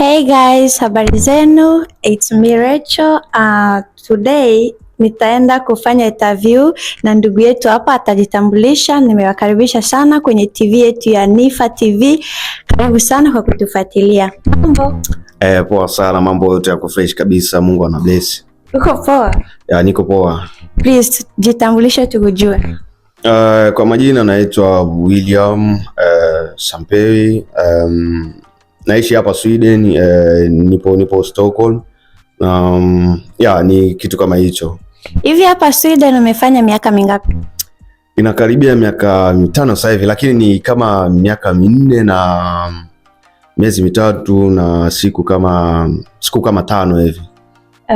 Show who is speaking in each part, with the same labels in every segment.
Speaker 1: Hey guys, habari zenu. It's me Rachel. Uh, today nitaenda kufanya interview na ndugu yetu hapa atajitambulisha. Nimewakaribisha sana kwenye TV yetu ya Nifa TV. Karibu sana kwa kutufuatilia. Mambo?
Speaker 2: Eh, poa sana, mambo yote yako fresh kabisa. Mungu ana bless.
Speaker 1: Uko poa?
Speaker 2: Ya, niko poa.
Speaker 1: Please jitambulishe tukujue.
Speaker 2: Uh, kwa majina naitwa William uh, Sampei um, naishi hapa Sweden eh, nipo nipo Stockholm. Um, yeah, ni kitu kama hicho
Speaker 1: hivi. Hapa Sweden umefanya miaka mingapi?
Speaker 2: Inakaribia miaka mitano sasa hivi, lakini ni kama miaka minne na miezi mitatu na siku kama siku kama tano hivi.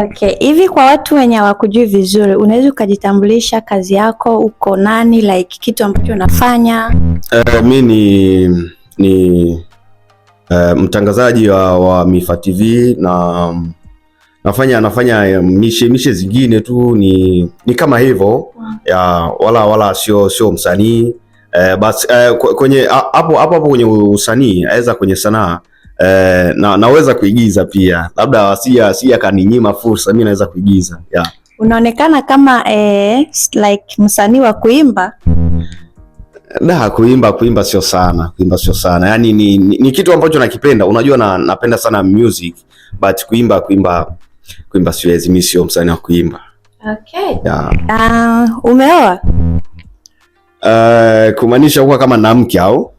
Speaker 1: Okay, hivi kwa watu wenye hawakujui vizuri, unaweza ukajitambulisha kazi yako, uko nani, like kitu ambacho unafanya?
Speaker 2: Uh, mi ni ni e, mtangazaji wa, wa Mifa TV na nafanya nafanya eh, mishe mishe zingine tu ni, ni kama hivyo ya wala wala sio sio msanii e, but e, kwenye hapo hapo kwenye usanii aweza kwenye sanaa e, na, naweza kuigiza pia, labda sija sija kaninyima fursa, mimi naweza kuigiza yeah.
Speaker 1: Unaonekana kama eh, like msanii wa kuimba
Speaker 2: Da, kuimba kuimba sio sana, kuimba sio sana. Yaani ni, ni, ni kitu ambacho nakipenda. Unajua na, napenda sana music but kuimba kuimba kuimba siwezi, mimi sio msanii wa kuimba. Okay. Yeah. Uh, umeoa? Uh, kumaanisha kuwa kama na mke au?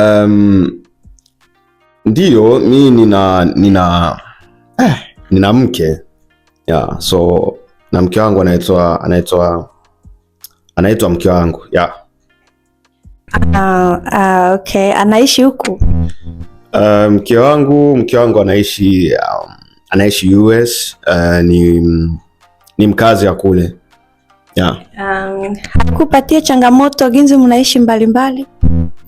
Speaker 2: Um, ndio mimi nina nina eh, nina mke. Yeah, so na mke wangu anaitwa anaitwa anaitwa mke wangu ya yeah.
Speaker 1: Uh, ah, uh, okay. Anaishi huku
Speaker 2: uh, mke wangu mke wangu anaishi um, anaishi US uh, eh, ni, ni mkazi wa kule yeah. Um,
Speaker 1: hakupatia changamoto ginzi mnaishi mbalimbali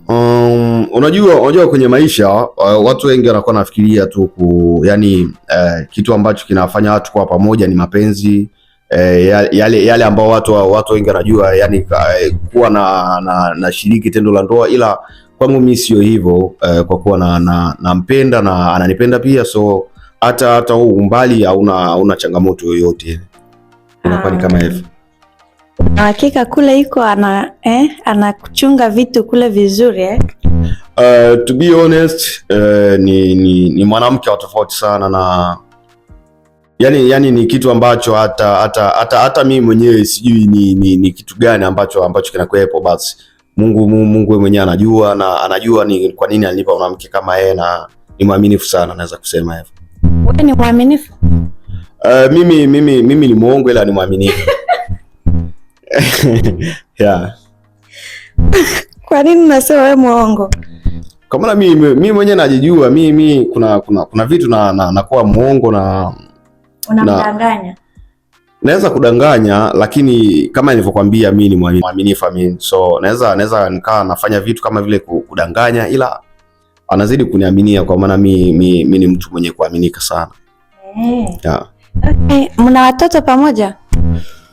Speaker 2: um, unajua unajua kwenye maisha uh, watu wengi wanakuwa nafikiria tu ku, yani uh, kitu ambacho kinawafanya watu kuwa pamoja ni mapenzi eh, yale, yale ambao watu watu wengi wanajua yani eh, kuwa na, na, na shiriki tendo la ndoa, ila kwangu mimi sio hivyo eh, kwa kuwa nampenda na, na, na ananipenda pia, so hata hata huu umbali hauna changamoto yoyote, inakuwa ni kama ah. hivyo.
Speaker 1: Hakika kule iko ana eh, anakuchunga vitu kule vizuri eh.
Speaker 2: Uh, to be honest uh, ni, ni, ni mwanamke wa tofauti sana na yani, yani ni kitu ambacho hata hata hata, hata mimi mwenyewe sijui ni, ni, ni kitu gani ambacho ambacho kinakuwepo. Basi Mungu Mungu mwenyewe anajua na anajua ni kwa nini alinipa mwanamke kama yeye, na ni mwaminifu sana, naweza kusema hivyo.
Speaker 1: Wewe ni mwaminifu?
Speaker 2: Uh, mimi mimi mimi ni muongo ila ni mwaminifu yeah.
Speaker 1: Kwa nini nasema wewe muongo?
Speaker 2: Kwa maana mimi mimi mwenyewe najijua mimi, kuna kuna kuna vitu na, nakuwa na, nakuwa muongo na
Speaker 1: Unamdanganya
Speaker 2: naweza kudanganya lakini kama nilivyokuambia mimi ni mwaminifu mimi, so naweza naweza nikaa nafanya vitu kama vile kudanganya, ila anazidi kuniaminia kwa maana mi mi ni mtu mwenye kuaminika sana. Mm. Yeah.
Speaker 1: Okay. Mna watoto pamoja?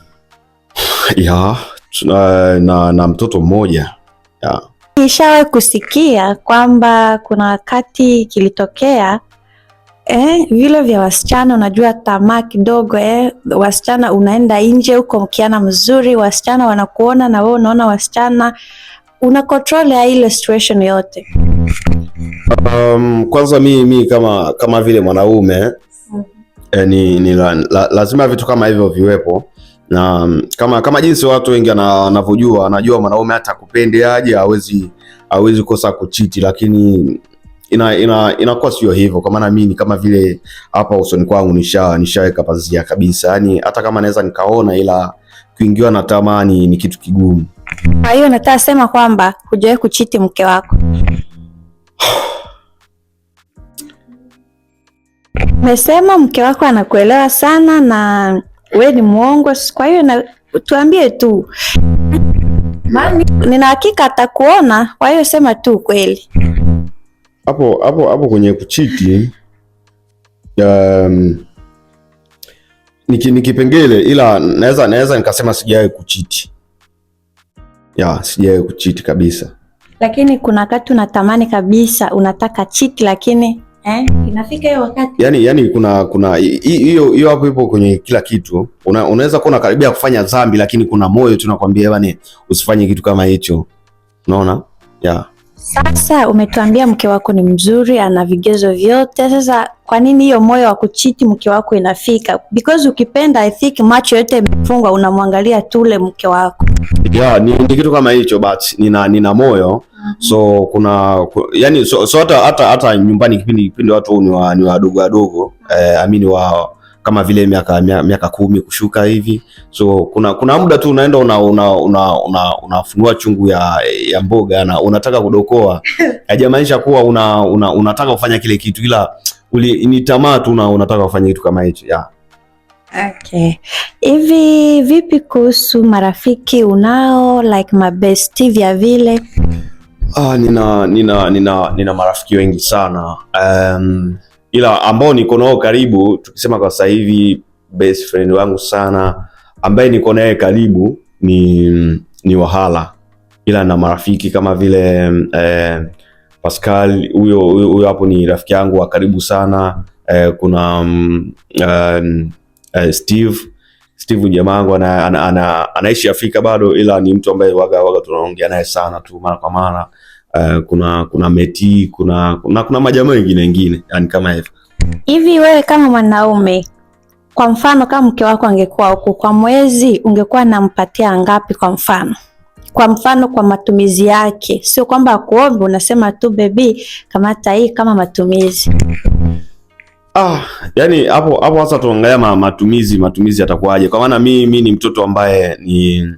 Speaker 2: ya tuna, na, na mtoto mmoja. Yeah.
Speaker 1: Nishawahi kusikia kwamba kuna wakati kilitokea Eh, vile vya wasichana unajua, tamaa kidogo eh. Wasichana unaenda nje huko, mkiana mzuri, wasichana wanakuona na wewe unaona wasichana, una control ya ile situation yote.
Speaker 2: Um, kwanza mi, mi kama kama vile mwanaume mm-hmm. eh, ni, ni la, la, lazima vitu kama hivyo viwepo na um, kama kama jinsi watu wengi wanavyojua, anajua mwanaume hata kupendeaje hawezi hawezi kosa kuchiti, lakini ina ina inakuwa sio hivyo, kwa maana mimi kama vile hapa usoni kwangu nisha nishaweka pazia kabisa, yani hata kama naweza nikaona, ila kuingiwa na tamaa ni kitu kigumu.
Speaker 1: Kwa hiyo nataka sema kwamba hujawahi kuchiti mke wako? Umesema mke wako anakuelewa sana na we ni mwongo, kwa hiyo na tuambie tu, maana nina hakika atakuona. Kwa hiyo sema tu ukweli
Speaker 2: hapo hapo hapo kwenye kuchiti um, ni kipengele ila naweza naweza nikasema sijawahi kuchiti ya sijawahi kuchiti kabisa.
Speaker 1: Lakini kuna wakati unatamani kabisa unataka chiti lakini eh, inafika hiyo wakati
Speaker 2: yani, yani kuna kuna hiyo hiyo hapo ipo kwenye kila kitu. Unaweza kuwa unakaribia kufanya dhambi, lakini kuna moyo tunakwambia bwana, yaani, usifanye kitu kama hicho. Unaona ya
Speaker 1: sasa umetuambia mke wako ni mzuri, ana vigezo vyote. Sasa kwa nini hiyo moyo wa kuchiti mke wako inafika? Because ukipenda, I think macho yote yamefungwa, unamwangalia tule mke wako
Speaker 2: yeah, ni, ni kitu kama hicho, but nina nina moyo mhm. So kuna yani so, so hata hata nyumbani kipindi kipindi watu ni wa ni wadogo wadogo eh, amini wao kama vile miaka miaka kumi kushuka hivi. So kuna kuna muda tu unaenda unafunua una, una, una chungu ya, ya mboga na unataka kudokoa, haijamaanisha kuwa una, una, unataka kufanya kile kitu, ila ni tamaa tu na unataka kufanya kitu kama hicho yeah.
Speaker 1: Okay. Hivi vipi kuhusu marafiki unao like mabesti vya vile?
Speaker 2: Ah, nina, nina, nina, nina marafiki wengi sana um, ila ambao niko nao karibu, tukisema kwa sasa hivi best friend wangu sana ambaye niko naye karibu ni, ni Wahala, ila na marafiki kama vile eh, Pascal huyo huyo hapo ni rafiki yangu wa karibu sana eh, kuna um, um, uh, Steve Steve jamaa wangu ana, ana, ana, anaishi Afrika bado, ila ni mtu ambaye waga waga tunaongea naye sana tu mara kwa mara uh, kuna kuna meti kuna na kuna majamaa wengine wengine, yani kama hivyo
Speaker 1: hivi. Wewe kama mwanaume, kwa mfano, kama mke wako angekuwa huku kwa mwezi, ungekuwa nampatia ngapi? Kwa mfano kwa mfano kwa matumizi yake, sio kwamba akuombe, unasema tu bebi, kamata hii kama matumizi.
Speaker 2: Ah, yani hapo hapo sasa tuangalia matumizi, matumizi yatakuwaje? Kwa maana mi mi ni mtoto ambaye ni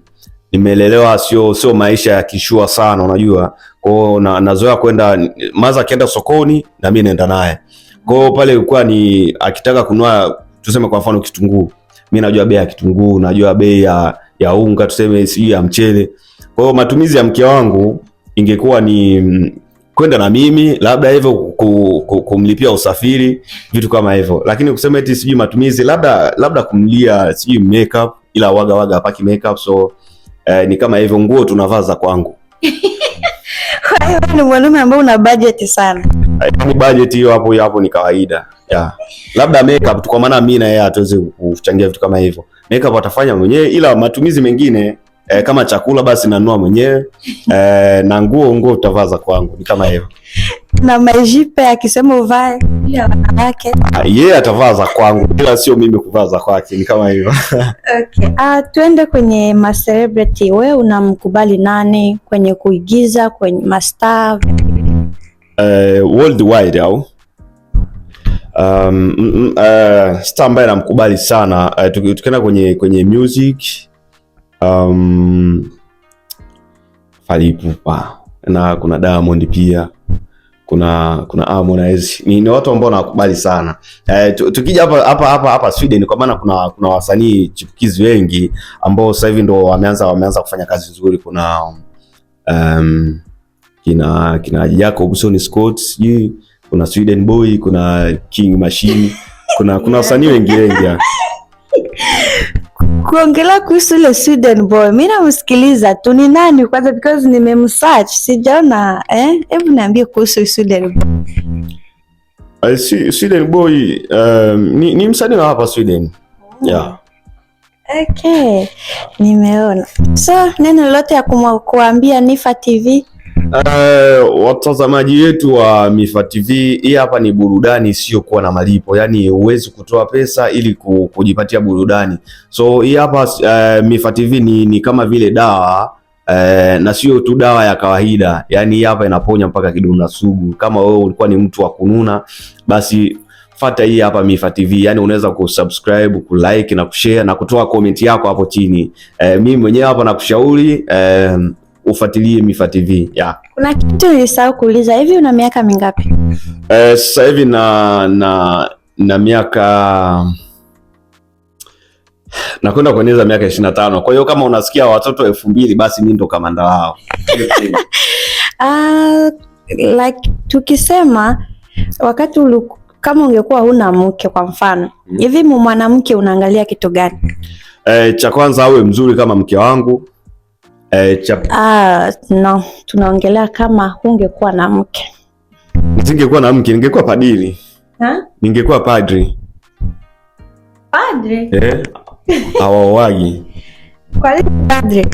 Speaker 2: nimeelelewa sio sio maisha ya kishua sana, unajua kwao, na nazoea kwenda maza, akienda sokoni na mimi naenda naye kwao pale. Ilikuwa ni akitaka kununua tuseme kwa mfano kitunguu, mimi najua bei ya kitunguu, najua bei ya ya unga tuseme, sijui ya mchele. Kwa hiyo matumizi ya mke wangu ingekuwa ni mm, kwenda na mimi labda hivyo kumlipia usafiri, vitu kama hivyo, lakini kusema eti sijui matumizi labda labda kumlia sijui makeup, ila waga waga hapaki makeup so eh, ni kama hivyo nguo tunavaa za kwangu.
Speaker 1: Kwa hiyo ni mwanaume ambao una budget sana.
Speaker 2: Eh, ni budget hiyo hapo hapo ni kawaida. Yeah. Labda makeup tu kwa maana mimi na yeye hatuwezi kuchangia vitu kama hivyo. Makeup atafanya mwenyewe ila matumizi mengine E, kama chakula basi nanua mwenyewe e, na nguo nguo utavaza kwangu, ni kama hivyo.
Speaker 1: Na majipe akisema uvae ya wanawake
Speaker 2: ah, yeye yeah, atavaza kwangu, ila sio mimi kuvaza kwake, ni kama hivyo
Speaker 1: okay. Uh, ah, tuende kwenye ma celebrity. Wewe unamkubali nani kwenye kuigiza, kwenye star?
Speaker 2: e, worldwide au um, uh, star ambaye namkubali sana uh, tukienda kwenye, kwenye music um, Falipupa ah, na kuna Diamond pia kuna kuna Harmonize ni, ni watu ambao nawakubali sana eh, tukija hapa hapa hapa hapa Sweden, kwa maana kuna kuna wasanii chipukizi wengi ambao sasa hivi ndo wameanza wameanza kufanya kazi nzuri. Kuna um, kina kina Jacobson Scott, sijui kuna Sweden Boy, kuna King Machine, kuna kuna wasanii wengi wengi ah.
Speaker 1: kuongelea kuhusu ile Sweden boy, mi namsikiliza tu. Ni nani kwanza? Because nimemsearch sijaona. Eh, Hebu niambie kuhusu Sweden boy.
Speaker 2: Uh, Sweden boy um, ni, ni msanii wa hapa Sweden oh. yeah.
Speaker 1: Okay, nimeona. So neno lolote ya kumwambia Nifa TV?
Speaker 2: Uh, watazamaji wetu wa Mifa TV, hii hapa ni burudani isiyokuwa na malipo, yaani huwezi kutoa pesa ili kujipatia burudani. So hii hapa uh, Mifa TV ni, ni kama vile dawa Uh, na sio tu dawa ya kawaida, yaani hapa inaponya mpaka kidonda sugu. Kama wewe ulikuwa ni mtu wa kununa, basi fata hii hapa Mifa TV. Yani unaweza kusubscribe, kulike na kushare na kutoa komenti yako hapo chini. Uh, mimi mwenyewe hapa nakushauri um, ufuatilie Mifa TV yeah.
Speaker 1: Kuna kitu nilisahau kuuliza, hivi una miaka mingapi?
Speaker 2: Eh, sasa hivi na na na miaka nakwenda kueneza miaka ishirini na tano. Kwa hiyo kama unasikia watoto elfu mbili basi mi ndo kamanda wao.
Speaker 1: Uh, like tukisema wakati ulu, kama ungekuwa huna mke kwa mfano mm. hivi, mwanamke unaangalia kitu gani?
Speaker 2: Eh, cha kwanza awe mzuri kama mke wangu Eh, chap...
Speaker 1: Ah, no, tunaongelea kama hungekuwa na mke.
Speaker 2: Nisingekuwa na mke, ningekuwa padiri. Ha? Ningekuwa padri. Padri? Eh, hawawagi.
Speaker 1: Kwa nini padri?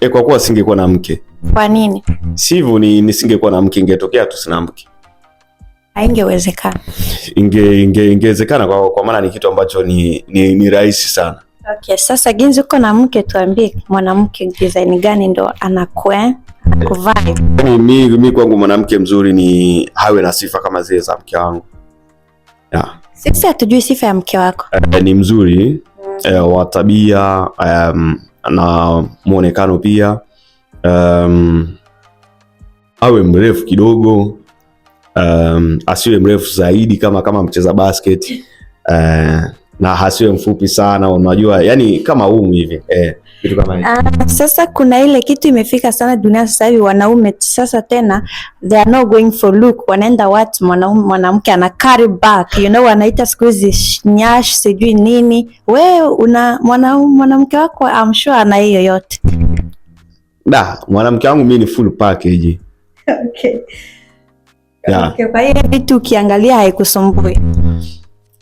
Speaker 2: Eh, kwa kuwa singekuwa na mke. Kwa nini? Sivyo ni nisingekuwa na mke, ingetokea tu sina mke.
Speaker 1: Haingewezekana.
Speaker 2: Inge ingewezekana inge, kwa kwa maana ni kitu ambacho ni ni, ni rahisi sana.
Speaker 1: Okay, sasa Ginzi, uko na mke, tuambie mwanamke design gani ndo anakwe anakuvaa?
Speaker 2: Yaani mi, mi kwangu mwanamke mzuri ni hawe na sifa kama zile za mke wangu. Yeah.
Speaker 1: Sisi hatujui sifa ya mke wako.
Speaker 2: Eh, ni mzuri mm. eh, wa tabia um, na mwonekano pia um, awe mrefu kidogo um, asiwe mrefu zaidi kama kama mcheza basket uh, na hasiwe mfupi sana, unajua yani kama umu hivi eh,
Speaker 1: Uh, sasa kuna ile kitu imefika sana dunia sasa hivi wanaume sasa tena they are not going for look, wanaenda what mwanaume mwanamke ana carry back you know, wanaita siku hizi nyash sijui nini. We una mwanaume mwanamke wako I'm sure ana hiyo yote.
Speaker 2: Da, mwanamke wangu mimi ni full package. Okay. Yeah. Okay, kwa
Speaker 1: hiyo vitu ukiangalia haikusumbui.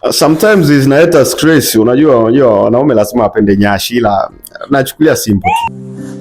Speaker 2: Uh, sometimes zinaleta stress. Unajua, unajua wanaume lazima wapende nyashi, ila nachukulia simple